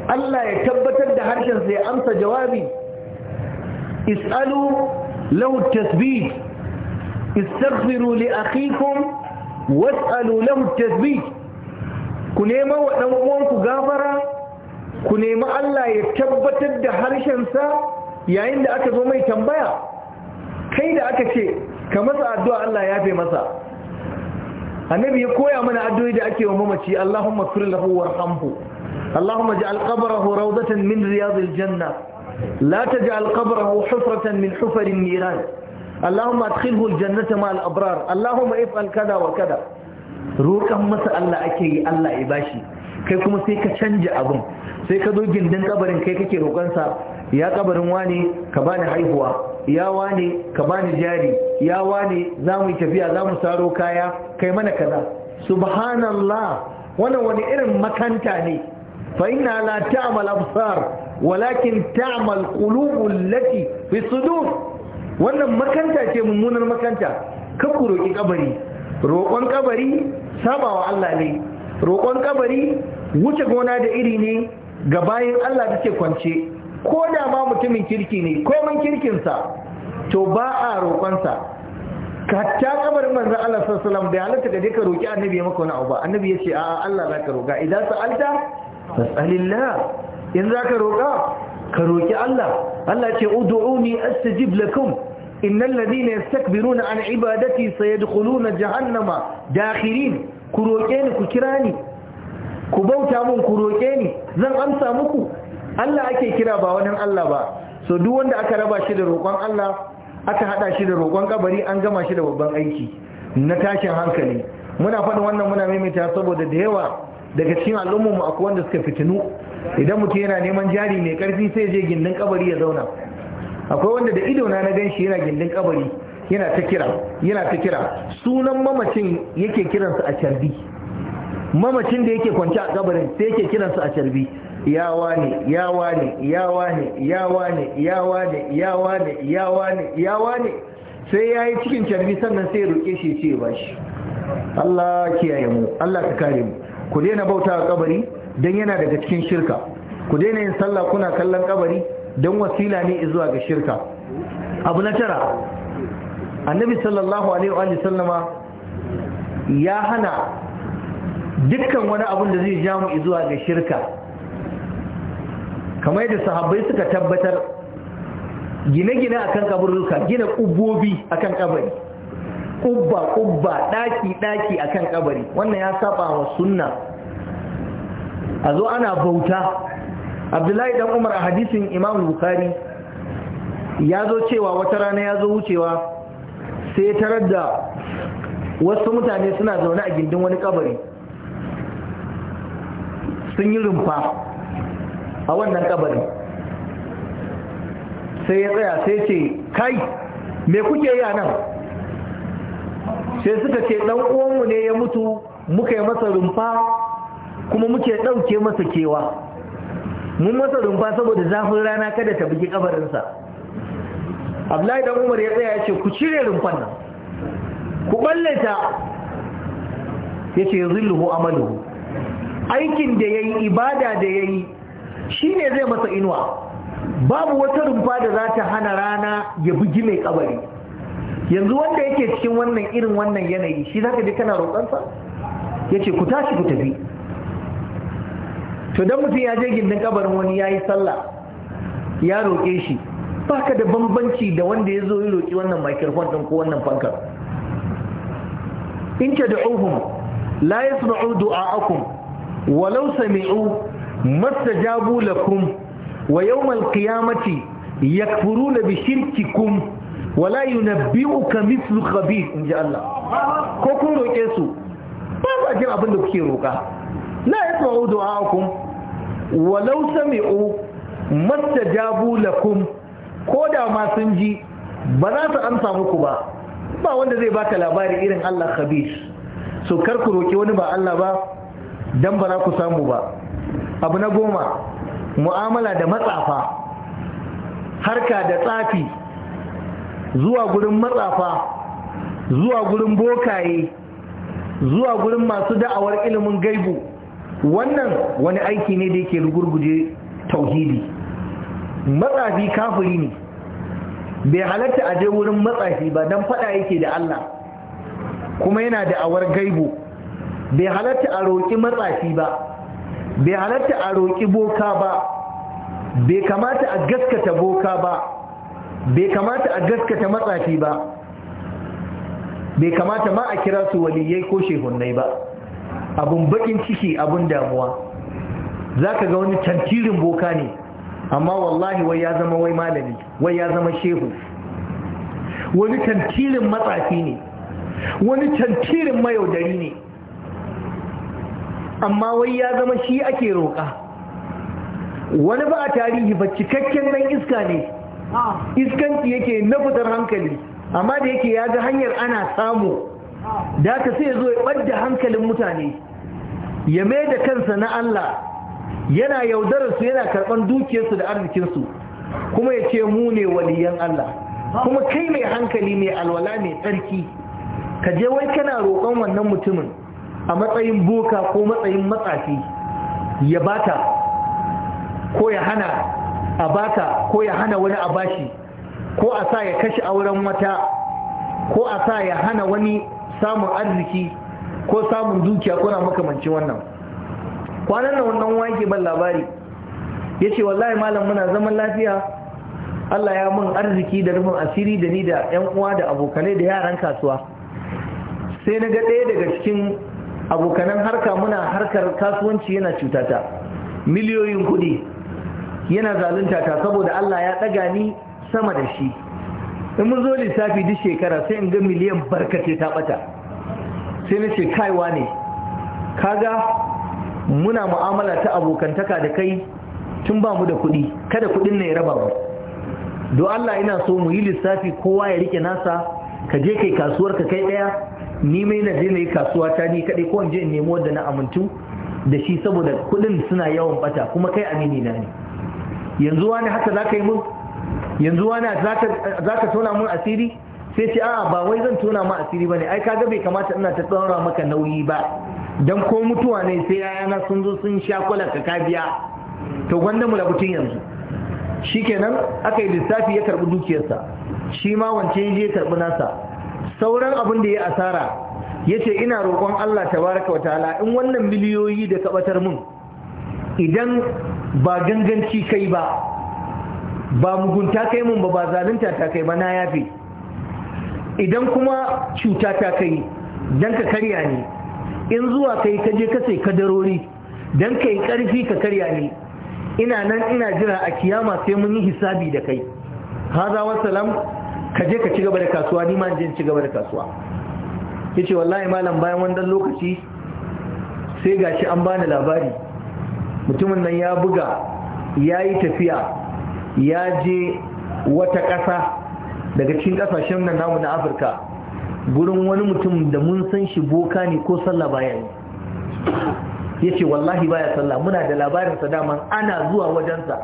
Allah ya tabbatar da harshen sa ya amsa jawabi is'alu lahu tasbih istaghfiru li akhikum was'alu lahu tasbih ku nema wa ɗan uwan ku gafara ku nemi Allah ya tabbatar da harshensa yayin da aka zo mai tambaya kai da aka ce ka masa addu'a Allah ya fi masa annabi ya koya mana addu'i da ake wa mamaci Allahumma fir lahu warhamhu Allahumma ij'al qabrahu rawdatan min riyadil janna la taj'al qabrahu hufratan min hufarin niran Allahumma adkhilhu aljannata ma al Allahumma if'al kada wa kada roƙan masa Allah ake yi Allah ya bashi kai kuma sai ka canja abun sai ka zo gindin kabarin kai kake roƙonsa ya kabarin wane ka bani haihuwa ya wane ka bani jari ya wane za mu tafiya za mu saro kaya kai mana kaza subhanallah wannan wani irin makanta ne fa inna la ta'mal absar walakin ta'mal qulubul lati fi sudur wannan makanta ce mummunar makanta ka ku roki kabari roƙon kabari sabawa Allah ne roƙon kabari wuce gona da iri ne ga bayan Allah da ke kwance ko da ma mutumin kirki ne komin kirkinsa to ba a roƙonsa hatta kamar manzo Allah sallallahu alaihi bai halatta da ka roƙi annabi ya maka wani abu ba annabi ya ce a'a Allah za ka roƙa idan sa'alta fas'alillah in za ka roƙa ka roƙi Allah Allah ce ud'uni astajib lakum innal ladina yastakbiruna an ibadati sayadkhuluna jahannama dakhirin ku roƙe ni ku kira ni ku bauta mun ku roƙe ni zan amsa muku Allah ake kira ba wani Allah ba so duk wanda aka raba shi da roƙon Allah aka hada shi da roƙon kabari an gama shi da babban aiki na tashin hankali muna faɗin wannan muna maimaita saboda da yawa daga cikin al'ummar mu akwai wanda suka fitinu idan mutum yana neman jari mai karfi sai je gindin kabari ya zauna akwai wanda da ido na na ganshi yana gindin kabari yana ta kira yana ta kira sunan mamacin yake kiransa a carbi mamacin da yake kwance a kabarin sai yake kiran su a carbi yawa ne yawa ne yawa ne yawa ne yawa ne yawa ne yawa ne yawa ne sai ya yi cikin carbi sannan sai ya roƙe shi ce ba shi Allah kiyaye mu Allah ka kare mu ku daina bauta a kabari don yana daga cikin shirka ku daina yin sallah kuna kallon kabari don wasila ne zuwa ga shirka abu na tara annabi sallallahu alaihi wa sallama ya hana dukkan wani abun da zai ja mu zuwa ga shirka kamar yadda sahabbai suka tabbatar gine-gine akan kaburuka gina kubobi akan kabari kubba kubba ɗaki daki akan kabari wannan ya saba wa sunna a zo ana bauta abdullahi dan umar a hadisin imam bukhari ya zo cewa wata rana ya zo wucewa sai tarar da wasu mutane suna zaune a gindin wani kabari sun yi rumfa a wannan kabarin sai ya tsaya sai ce kai me kuke yi a nan sai suka ce ɗan uwanmu ne ya mutu muka yi masa rumfa kuma muke ɗauke masa kewa mun masa rumfa saboda zafin rana kada ta bugi kabarinsa abdullahi dan umar ya tsaya ya ce ku cire rumfan nan ku balle ta ya ce zilluhu amaluhu aikin da ya yi ibada da ya yi shi ne zai masa inuwa babu wata rumfa da za ta hana rana ya bugi mai kabari yanzu wanda yake cikin wannan irin wannan yanayi shi za ka je kana roƙonsa ya ce ku tashi ku tafi to don mutum ya je gindin kabarin wani ya yi sallah ya roƙe shi ka da bambanci da wanda ya zo ya roƙi wannan microphone ɗin ko wannan fankar in da da'uhum la yasma'u du'a'akum walau sami'u mastajabu lakum wa yawmal qiyamati yakfuruna bi shirkikum wala yunabbi'uka mithlu khabir inji Allah ko kun roke su ba sa jin abin da kuke roka la yasma'u du'a'akum walau sami'u mastajabu lakum ko da ma sun ji ba za su amsa muku ba ba wanda zai baka labari irin Allah khabir so kar ku roki wani ba Allah ba dan ba za ku samu ba abu na goma mu'amala da matsafa harka da tsafi zuwa gurin matsafa zuwa gurin bokaye zuwa gurin masu da'awar ilimin gaibu wannan wani aiki ne da yake rugurguje tauhidi matsafi kafiri ne bai halatta a je wurin matsafi ba don fada yake da Allah kuma yana da'awar gaibu bai halatta a roƙi matsafi ba bai halatta a roƙi boka ba bai kamata a gaskata boka ba bai kamata a gaskata matsafi ba bai kamata ma a kira su waliyai ko shehunai ba abun bakin ciki abun damuwa za ka ga wani tantirin boka ne amma wallahi wai ya zama wai malami wai ya zama shehu wani tantirin matsafi ne wani tantirin mayaudari ne amma wai ya zama shi ake roƙa wani ba a tarihi ba cikakken dan iska ne iskanci yake na fitar hankali amma da yake ya ga hanyar ana samu da ka sai zo ya ɓadda hankalin mutane ya mai da kansa na Allah yana yaudararsu yana karɓar dukiyarsu da arzikinsu kuma ya ce mu ne waliyan Allah kuma kai mai hankali mai alwala mai tsarki ka je wai kana roƙon wannan mutumin a matsayin boka ko matsayin matsafi ya bata ko ya hana a bata ko ya hana wani a bashi ko a sa ya kashe auren wata ko a sa ya hana wani samun arziki ko samun dukiya ko na makamancin wannan kwanan nan wannan wake ban labari ya ce wallahi malam muna zaman lafiya Allah ya mun arziki da rufin asiri da ni da 'yan uwa da abokanai da yaran kasuwa sai na ga ɗaya daga cikin abokanan harka muna harkar kasuwanci yana cutata miliyoyin kuɗi yana zalunta ta saboda Allah ya ɗaga ni sama da shi in mun zo lissafi duk shekara sai in ga miliyan barkace ta ɓata sai na ce kaiwa ne kaga muna mu'amala ta abokantaka da kai tun ba mu da kuɗi kada kuɗin ne ya raba mu don Allah ina so mu yi lissafi kowa ya rike nasa ka je kai kasuwar ka kai ɗaya ni mai na je na yi kasuwa ta ni kaɗai ko in je in nemo da na amintu da shi saboda kuɗin suna yawan bata kuma kai amini na ne yanzu wani haka za ka yi mun yanzu wani za ka tona mun asiri sai ce a'a ba wai zan tona mun asiri ba ne ai kaga bai kamata ina ta tsara maka nauyi ba dan ko mutuwa ne sai yayana sun zo sun sha kwala ka biya to gwanda mu rabutun yanzu shikenan aka yi lissafi ya karɓi dukiyarsa shi ma wance ya je karbi nasa sauran abin da ya asara ya ce ina roƙon Allah tabaraka wa ta'ala in wannan miliyoyi da kabatar mun idan ba ganganci kai ba ba mugunta kai mun ba ba zalunta ta kai ba na yafe idan kuma cuta ta kai dan ka karya ne in zuwa kai ka je ka sai kadarori dan kai karfi ka karya ne ina nan ina jira a kiyama sai mun yi hisabi da kai haza Salam. ka je ka ci gaba da kasuwa ni ma je ci gaba da kasuwa yace wallahi malam bayan wannan lokaci sai gashi an bani labari mutumin nan ya buga ya yi tafiya ya je wata ƙasa daga cikin ƙasashen nan namu na afirka gurin wani mutum da mun san shi boka ne ko sallah baya ne ya ce wallahi baya sallah muna da labarinsa daman ana zuwa wajensa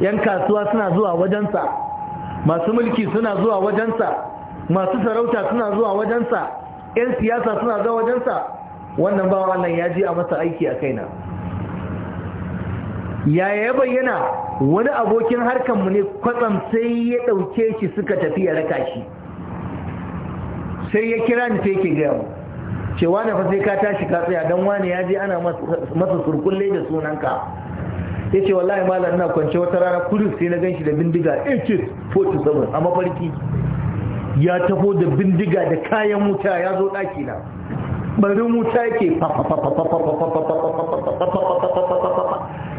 yan kasuwa suna zuwa wajensa masu mulki suna zuwa wajensa masu sarauta suna zuwa wajensa 'yan siyasa suna zuwa wajensa wannan bawa wannan ya je a masa aiki a kaina yaya ya bayyana wani abokin harkar mu ne kwatsam sai ya ɗauke shi suka tafi ya raka shi sai ya kira ni sai ke gaya mu cewa na fa sai ka tashi ka tsaya don wani ya je ana masa surkulle da sunanka ya ce wallahi malam ina kwance wata rana kudu sai na ganshi da bindiga foto 47 a mafarki ya taho da bindiga da kayan muta ya zo daki na barin muta yake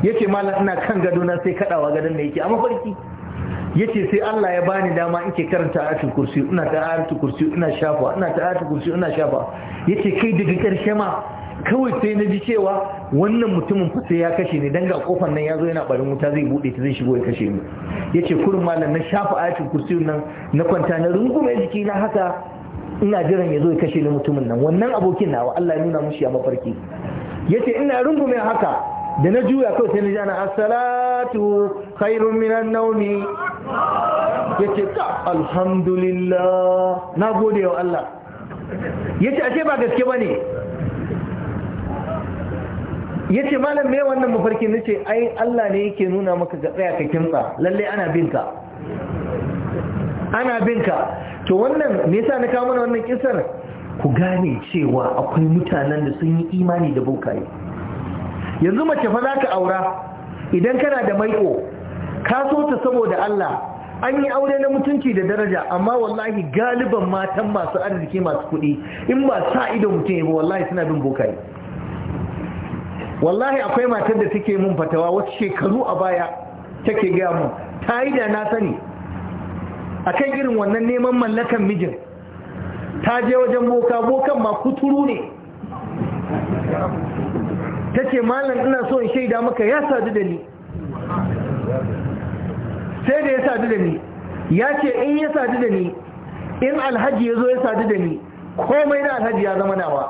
ya ce malam ina kan gado na sai kadawa gadon da yake a mafarki ce sai Allah ya bani dama in ke karanta ayatul kursi ina ta ayatul kursi ina shafa ina ta ayatul kursi ina shafa ya ce kai daga karshe ma kawai sai na ji cewa wannan mutumin fasai ya kashe ni dan ga kofar nan ya zo yana barin wuta zai buɗe ta zai shigo ya kashe ni yace kurin malam na shafa ayatul kursiyun nan na kwanta na rungume jiki na haka ina jiran ya zo ya kashe ni mutumin nan wannan abokin nawa Allah ya nuna mushi a mafarki ce ina rungume haka da na juya kawai sai na ji ana khairun minan Ya ce ta alhamdulillah na gode wa Allah Ya yace ashe ba gaske ba ne. ya ce malam me wannan mafarki na ce ai Allah ne yake nuna maka ga tsaya ka kimsa lalle ana binka ana binka to wannan me yasa na kawo mana wannan kisar ku gane cewa akwai mutanen da sun yi imani da bokaye yanzu mace fa zaka aura idan kana da maiko ka so ta saboda Allah an yi aure na mutunci da daraja amma wallahi galiban matan masu arziki masu kuɗi in ba sa ido mutum ya wallahi suna bin bokaye wallahi akwai matar da take mun fatawa wasu shekaru a baya take gaya mun ta yi da na sani A kan irin wannan neman mallakan mijin ta je wajen boka bokan ma kuturu ne ta ce malam ina so in shaida maka ya sadu da ni sai da ya sadu da ni ya ce in ya sadu da ni in alhaji ya zo ya sadu da ni komai na alhaji ya zama nawa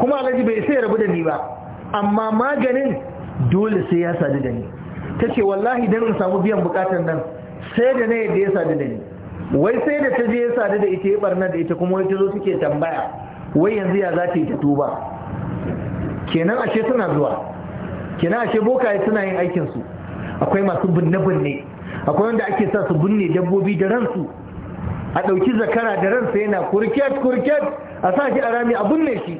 kuma alhaji bai sai rabu da ni ba amma maganin dole sai ya sadu da ni ta ce wallahi don in samu biyan bukatar nan sai da na yadda ya sadu da ni wai sai da ta je ya sadu da ita ya barna da ita kuma wata zo suke tambaya wai yanzu ya za ta yi ta tuba kenan ashe suna zuwa kenan ashe bokaye suna yin aikinsu akwai masu binne-binne akwai wanda ake sa su binne dabbobi da ransu a ɗauki zakara da ransa yana kurket kurket a sa shi a rami a binne shi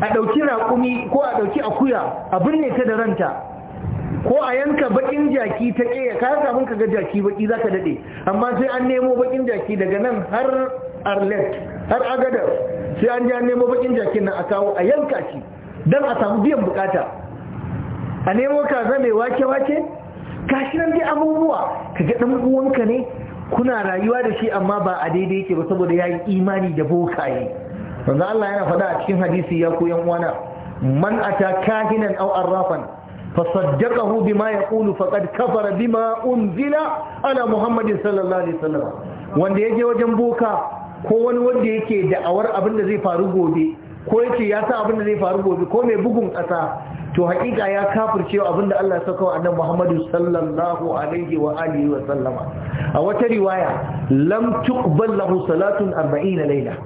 a ɗauki raƙumi ko a ɗauki akuya a binne ta da ranta ko a yanka baƙin jaki ta ƙeya ka haka abin ka ga jaki baƙi za ka daɗe amma sai an nemo baƙin jaki daga nan har arlet har agadar sai an ja nemo baƙin jakin nan a kawo a yanka shi don a samu biyan bukata a nemo kaza mai wake-wake shi nan dai abubuwa ka ga ɗan uwanka ne kuna rayuwa da shi amma ba a daidai yake ba saboda ya yi imani da bokaye manzo Allah yana faɗa a cikin hadisi ya koyan uwana man ata kahinan aw arrafan فصدقه بما يقول فقد كفر بما أنزل ala muhammad sallallahu alaihi عليه wanda ya je wajen boka ko wani wanda yake da'awar abin da zai faru gobe ko yace ya sa abin da zai faru gobe ko mai bugun ƙasa to hakika ya kafirce abin da Allah ya saka wa annabi Muhammadu sallallahu alaihi wa alihi wa sallama a wata riwaya lam tuqbal lahu salatun 40 layla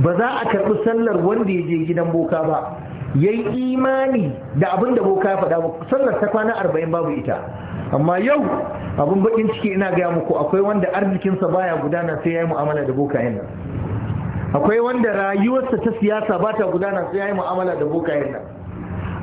ba za a karbi sallar wanda ya je gidan boka ba yayi imani da abin da boka ya faɗa sallar ta kwana 40 babu ita amma yau abin bakin ciki ina ga muku akwai wanda arzikinsa baya gudana sai yayi mu'amala da boka nan akwai wanda rayuwarsa ta siyasa ba ta gudana sai ya yi mu'amala da bokayen nan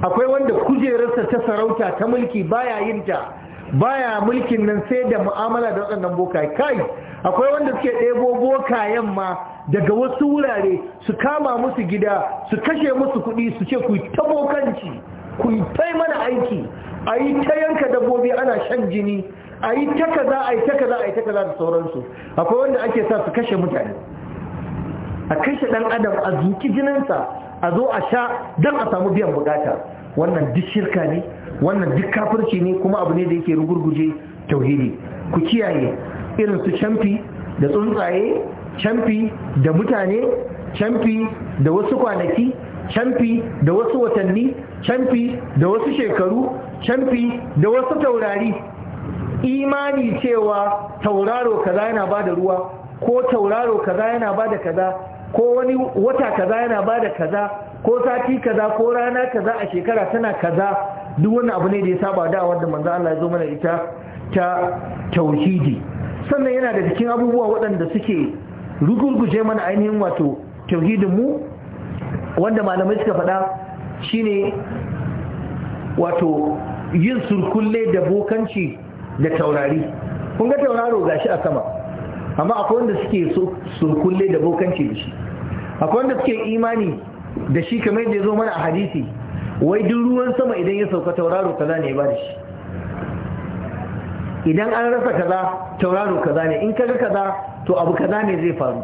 akwai wanda kujerarsa ta sarauta ta mulki baya yin ta baya mulkin nan sai da mu'amala da waɗannan bokaye kai akwai wanda suke ɗebo bokayen ma daga wasu wurare su kama musu gida su kashe musu kuɗi su ce ku ta bokanci ku ta mana aiki a yi ta yanka dabbobi ana shan jini a yi ta kaza a yi ta kaza a yi ta kaza da sauransu akwai wanda ake sa su kashe mutane a kashe ɗan adam a zuki jininsa a zo a sha don a samu biyan bukata wannan duk shirka ne wannan duk kafirci ne kuma abu ne da yake rugurguje tauhidi ku kiyaye irin su camfi da tsuntsaye camfi da mutane camfi da wasu kwanaki camfi da wasu watanni camfi da wasu shekaru camfi da wasu taurari imani cewa tauraro kaza yana ba da ruwa ko tauraro kaza yana ba da kaza ko wani wata kaza yana ba da kaza ko sati kaza ko rana kaza a shekara tana kaza duk wani abu ne da ya saba da wanda manzo Allah ya zo mana ita ta tauhidi sannan yana da cikin abubuwa waɗanda suke rugurguje mana ainihin wato tauhidin mu wanda malamai suka faɗa shine wato yin surkulle da bokanci da taurari kun ga tauraro gashi a sama amma akwai wanda suke so kulle da bokanci da shi akwai wanda suke imani da shi kamar da ya zo mana a hadisi wai duk ruwan sama idan ya sauka tauraro kaza ne ba da shi idan an rasa kaza tauraro kaza ne in kaga kaza to abu kaza ne zai faru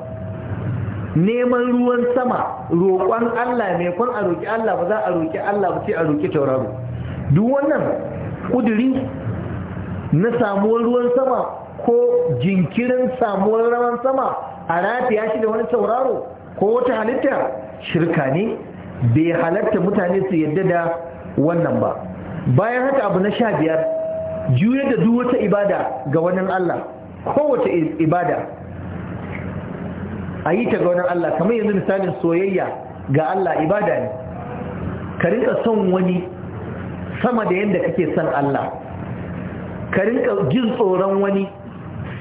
neman ruwan sama roƙon Allah mai kun a roƙi Allah ba za a roƙi Allah ba sai a roƙi tauraro duk wannan kuduri na samuwar ruwan sama ko jinkirin samuwar rawan sama a rafiya shi da wani sauraro ko wata halitta shirka ne bai halatta mutane su yadda da wannan ba bayan haka abu na sha biyar juya da duk wata ibada ga wannan Allah kowace ibada a yi ta ga wannan Allah kamar yanzu misalin soyayya ga Allah ibada ne ka son wani sama da yadda kake son Allah ka jin tsoron wani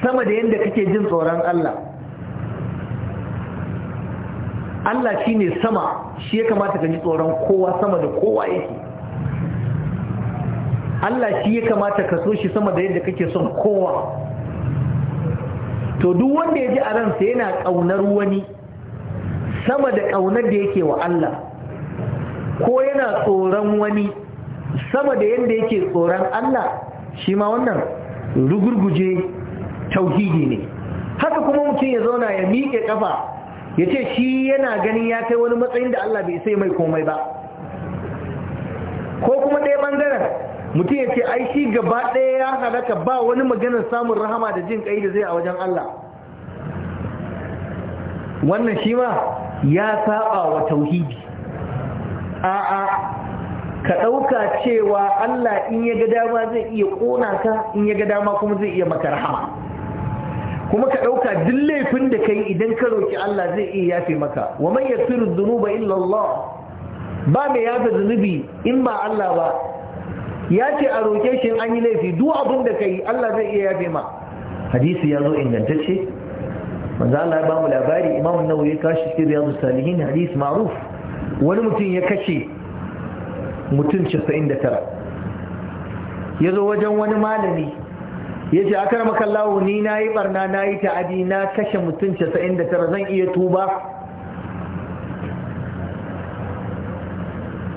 sama da yadda kake jin tsoron Allah Allah shi ne sama shi ya kamata ka ji tsoron kowa sama da kowa yake Allah shi ya kamata ka so shi sama da yadda kake son kowa to duk wanda ya ji a ransa yana ƙaunar wani sama da ƙaunar da yake wa Allah ko yana tsoron wani sama da yadda yake tsoron Allah shi ma wannan rugurguje tauhidi ne haka kuma mutum ya zauna ya miƙe ƙafa, ya ce shi yana ganin ya kai wani matsayin da Allah bai sai mai komai ba ko kuma ɗaya ɓangaren mutum ya ce ai shi gaba ɗaya ya halaka ba wani maganar samun rahama da jin ƙai da zai a wajen Allah wannan shi ma ya saba wa tauhidi a'a ka ɗauka cewa Allah in ya ga dama zai iya ƙona ka in ya ga dama kuma zai iya maka rahama kuma ka ɗauka duk laifin da kai idan ka roki Allah zai iya yafe maka wa man yaghfiru dhunuba illa Allah ba mai yafe zunubi in ba Allah ba ya ce a roke shi an yi laifi duk abin da kai Allah zai iya yafe ma hadisi ya zo ingantacce manzo Allah ya ba mu labari Imam Nawawi ya kashi cikin Riyadus Salihin hadisi ma'ruf wani mutum ya kashe mutum 99 ya zo wajen wani malami ya ce aka rama kallawo ni na yi barna na yi ta'adi na kashe mutum 99 zan iya tuba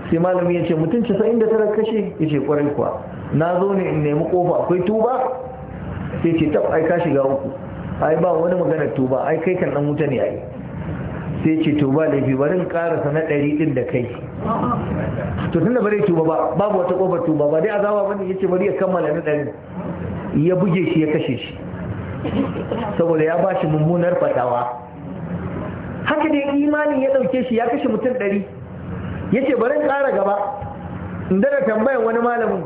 sai malami ya ce mutum 99 kashe ya ce kwarai kuwa na zo ne in nemi kofa akwai tuba sai ce tab ai ka shiga uku ai ba wani maganar tuba ai kai kan dan wuta ne ai sai ce tuba laifi barin karasa na ɗari ɗin da kai to da bare tuba ba babu wata kofar tuba ba dai azaba bane ce bari ya kammala na ɗari ya buge shi ya kashe shi saboda ya ba shi mummunar fatawa haka dai imani ya dauke shi ya kashe mutum ɗari ya ce bari ƙara gaba inda da tambayan wani malamin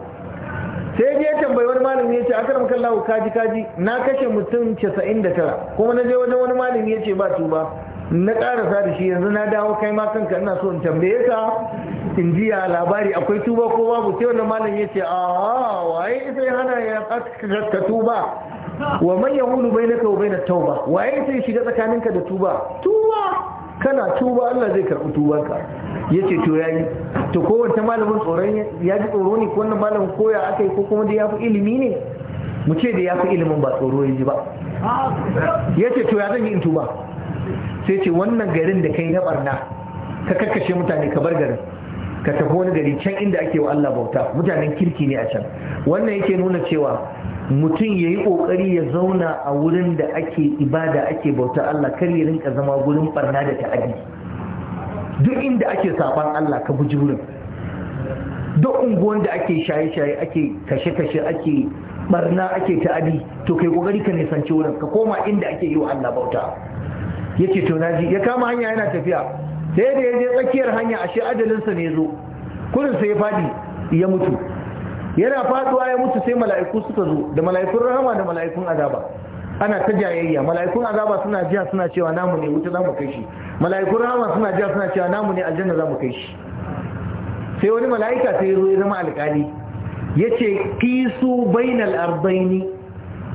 sai ya tambayi wani malamin ya ce karamkan makallahu kaji kaji na kashe mutum 99 kuma na je wani malamin ya ce ba tuba na karasa da shi yanzu na dawo kai ma kanka ina so in tambaye ka in ji ya labari akwai tuba ko babu sai wannan malam ya ce a waye sai hana ya ka tuba wa man yahulu bainaka wa bainat tauba waye sai shiga tsakaninka da tuba tuba kana tuba Allah zai karɓi tubanka ya ce to yayi to kowace malamin tsoron ya ji tsoro ne wannan malamin koya aka yi ko kuma da ya fi ilimi ne mu ce da ya fi ilimin ba tsoro ya ji ba ya ce to ya zan yi in tuba sai ce wannan garin da kai na barna ka karkashe mutane ka bar garin ka tafi wani gari can inda ake wa Allah bauta mutanen kirki ne a can wannan yake nuna cewa mutum ya yi ƙoƙari ya zauna a wurin da ake ibada ake bauta Allah kar ya rinka zama gurin barna da ta'adi duk inda ake saban Allah ka guji wurin duk unguwan da ake shaye-shaye ake kashe-kashe ake barna ake ta'adi to kai ƙoƙari ka nisanci wurin ka koma inda ake yi wa Allah bauta ya ce to naji ya kama hanya yana tafiya sai da ya je tsakiyar hanya ashe adalinsa ne zo kurin sai ya faɗi ya mutu yana faduwa ya mutu sai mala'iku suka zo da mala'ikun rahama da mala'ikun azaba ana ta jayayya mala'ikun azaba suna jiya suna cewa namu ne wuta zamu kai shi mala'ikun rahama suna jiya suna cewa namu ne aljanna zamu kai shi sai wani mala'ika sai ya zo ya zama alƙali yace qisu bainal ardaini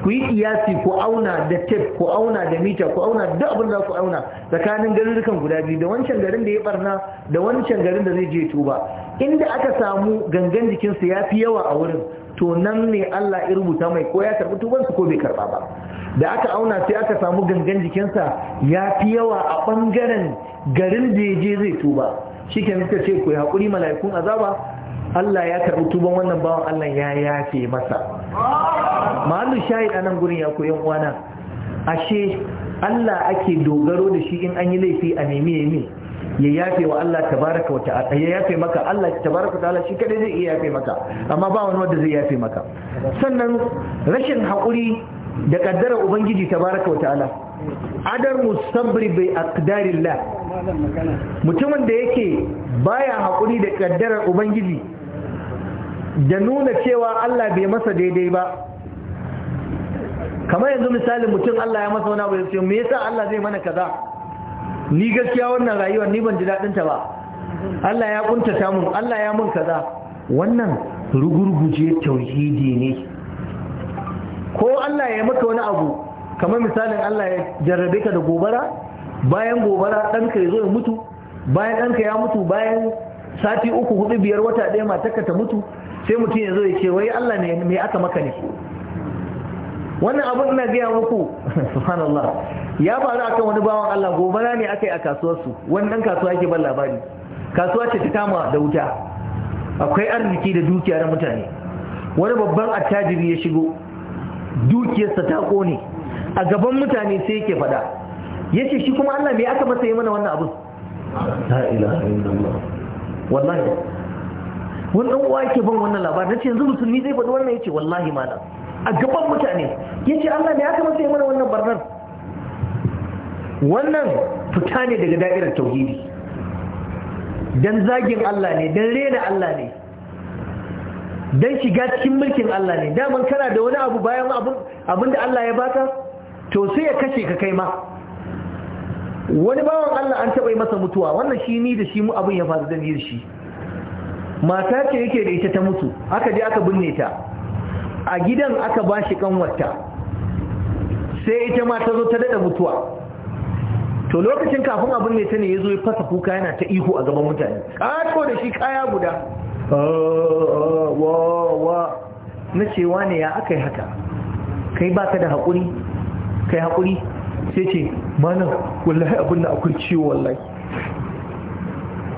ku yi kiyasi ku auna da tef ku auna da mita ku auna duk abin da ku auna tsakanin garurrukan guda biyu da wancan garin da ya barna da wancan garin da zai je tuba inda aka samu gangan jikinsa ya fi yawa a wurin to nan ne Allah ya rubuta mai ko ya karbi tubansa ko bai karba ba da aka auna sai aka samu gangan jikinsa ya fi yawa a ɓangaren garin da ya je zai tuba shi ke ce ku yi haƙuri mala'ikun azaba Allah ya karɓi tuban wannan bawan Allah ya yafe masa mahallu shahid a nan gurin ya koyan uwana ashe Allah ake dogaro da shi in an yi laifi a nemi ya yi ya yafe wa Allah tabaraka wa ta'ala ya yafe maka Allah tabaraka ta'ala shi kadai zai iya yafe maka amma ba wani wanda zai yafe maka sannan rashin haƙuri da kaddara ubangiji tabaraka wa ta'ala adar musabri bai aqdarillah mutumin da yake baya haƙuri da kaddarar ubangiji da nuna cewa Allah bai masa daidai ba kamar yanzu misalin mutum Allah ya masa wani abu ya me yasa Allah zai mana kaza ni gaskiya wannan rayuwar ni ban ji daɗin ta ba Allah ya kuntata mun Allah ya mun kaza wannan rugurguje tauhidi ne ko Allah ya maka wani abu kamar misalin Allah ya jarrabe ka da gobara bayan gobara ɗanka ya zo ya mutu bayan ɗanka ya mutu bayan sati uku hudu biyar wata ɗaya matarka ta mutu sai mutum ya zo ya ce wai Allah ne me aka maka ne wannan abun ina gaya muku subhanallah ya faru akan wani bawan Allah gobara ne aka yi a kasuwarsu wani dan kasuwa yake ban labari kasuwa ce ta kama da wuta akwai arziki da dukiya na mutane wani babban attajiri ya shigo dukiyarsa ta kone a gaban mutane sai yake faɗa ya ce shi kuma Allah me aka masa yi mana wannan abun la ilaha illallah wallahi wani dan uwa yake ban wannan labarin nace yanzu musulmi zai faɗi wannan yace wallahi malam a gaban mutane yace Allah ne aka masa mana wannan barnar wannan fita ne daga da'irar tauhidi dan zagin Allah ne dan rena Allah ne dan shiga cikin mulkin Allah ne daman kana da wani abu bayan abin da Allah ya baka to sai ya kashe ka kai ma wani bawan Allah an taɓa yi masa mutuwa wannan shi ni da shi mu abin ya faru da ni shi mata ce yake da ita ta mutu aka je aka binne ta a gidan aka ba shi kanwarta sai ita ma ta zo ta dada mutuwa to lokacin kafin a binne ta ne ya zo ya fasa kuka yana ta ihu a gaban mutane ƙato da shi kaya guda na cewa ne ya aka yi haka kai baka da haƙuri kai haƙuri sai ce mana wallahi abin da akwai ciwo wallahi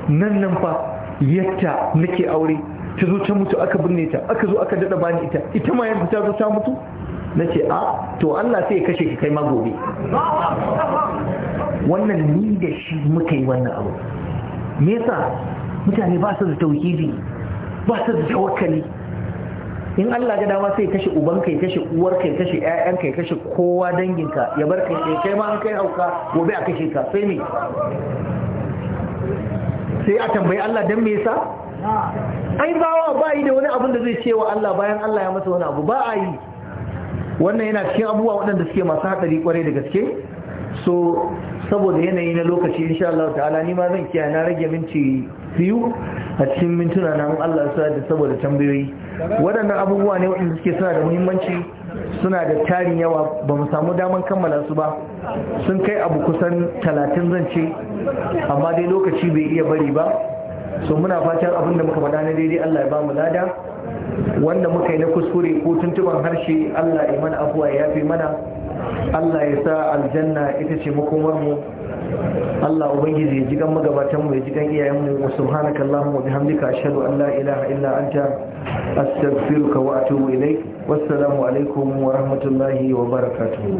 nan nan fa yadda nake aure ta zo ta mutu aka binne ta aka zo aka dada bani ita ita ma yanzu ta zo ta mutu na ce a ah, to Allah sai ya kashe ka kai ma gobe wannan ni da shi muka yi wannan abu me yasa mutane ba su da tauhidi ba su da tawakkali in Allah ga dama sai kashe ubanka ya kashe uwarka ya kashe ƴaƴanka ya kashe kowa danginka ya bar ka kai ma an kai hauka gobe a kashe ka sai me sai a tambayi Allah dan me yasa ai bawa ba yi da wani abin da zai ce wa Allah bayan Allah ya masa wani abu ba a yi wannan yana cikin abubuwa waɗanda suke masu haɗari kwarai da gaske so saboda yanayi na lokaci insha Allah ta'ala ni ma zan kiyana na rage minti biyu a cikin mintuna na Allah ya sa da saboda tambayoyi waɗannan abubuwa ne waɗanda suke suna da muhimmanci suna da tarin yawa ba mu samu daman kammala su ba sun kai abu kusan talatin zan ce amma dai lokaci bai iya bari ba so muna fatan abin da muka faɗa na daidai Allah ya ba mu lada wanda muka yi na kuskure ko tuntuban harshe Allah ya mana afuwa ya yafe mana Allah ya sa aljanna ita ce makomar mu Allah ubangiji ya jigan magabatan mu ya gan iyayen mu subhanaka allahumma bihamdika ashhadu an la ilaha illa anta astaghfiruka wa atubu ilaik wassalamu alaikum wa rahmatullahi wa barakatuh